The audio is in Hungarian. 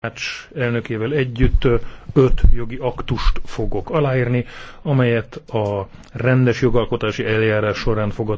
tanács elnökével együtt öt jogi aktust fogok aláírni, amelyet a rendes jogalkotási eljárás során fogadtunk.